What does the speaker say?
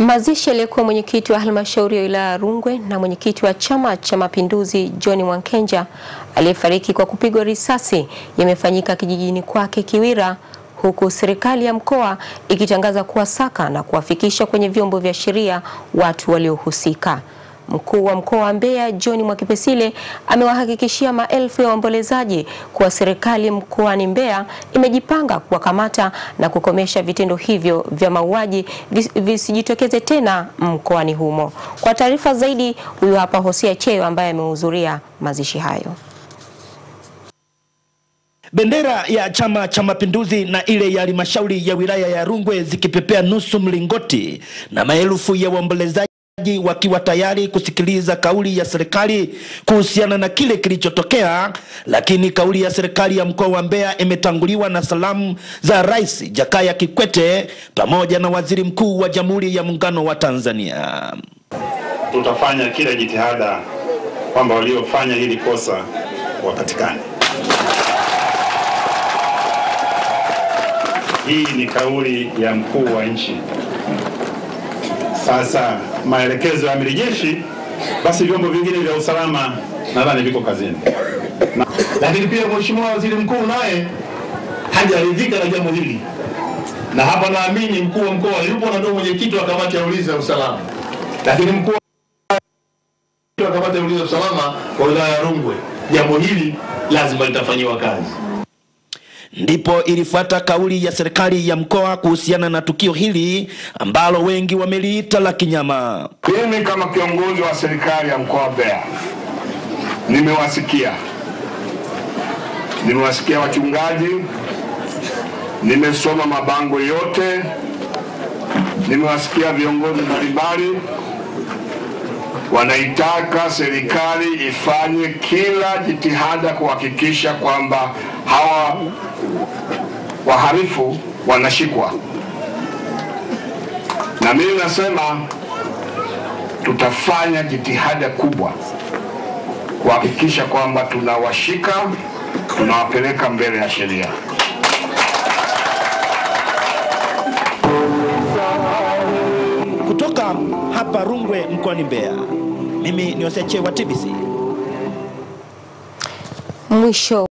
Mazishi aliyekuwa mwenyekiti wa halmashauri ya wilaya Rungwe na mwenyekiti wa Chama cha Mapinduzi John Mwankenja aliyefariki kwa kupigwa risasi yamefanyika kijijini kwake Kiwira, huku serikali ya mkoa ikitangaza kuwasaka na kuwafikisha kwenye vyombo vya sheria watu waliohusika. Mkuu wa mkoa wa Mbeya John Mwakipesile amewahakikishia maelfu ya waombolezaji kuwa serikali mkoani Mbeya imejipanga kuwakamata na kukomesha vitendo hivyo vya mauaji visijitokeze tena mkoani humo. Kwa taarifa zaidi, huyu hapa Hosia Cheyo ambaye amehudhuria mazishi hayo. Bendera ya Chama cha Mapinduzi na ile ya halmashauri ya wilaya ya Rungwe zikipepea nusu mlingoti na maelfu ya waombolezaji ji wakiwa tayari kusikiliza kauli ya serikali kuhusiana na kile kilichotokea, lakini kauli ya serikali ya mkoa wa Mbeya imetanguliwa na salamu za Rais Jakaya Kikwete pamoja na Waziri Mkuu wa Jamhuri ya Muungano wa Tanzania. Tutafanya kila jitihada kwamba waliofanya hili kosa wapatikane. Hii ni kauli ya mkuu wa nchi sasa maelekezo ya amiri jeshi, basi vyombo vingine vya usalama nadhani viko kazini na, lakini pia Mheshimiwa Waziri Mkuu naye hajaridhika na jambo hili, na hapa naamini mkuu wa mkoa yupo na ndio mwenyekiti wa kamati ya ulinzi na usalama, lakini mkuu wa kamati ya ulinzi na usalama kwa wilaya ya Rungwe, jambo hili lazima litafanyiwa kazi. Ndipo ilifuata kauli ya serikali ya mkoa kuhusiana na tukio hili ambalo wengi wameliita la kinyama. Mimi kama kiongozi wa serikali ya mkoa Mbeya nimewasikia, nimewasikia wachungaji, nimesoma mabango yote, nimewasikia viongozi mbalimbali wanaitaka serikali ifanye kila jitihada kuhakikisha kwamba hawa waharifu wanashikwa, na mimi nasema tutafanya jitihada kubwa kuhakikisha kwamba tunawashika, tunawapeleka mbele ya sheria. Kutoka hapa Rungwe mkoani Mbeya. Mimi ni Oseche wa TBC. Mwisho